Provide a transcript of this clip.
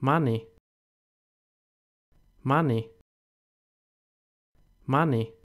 money money money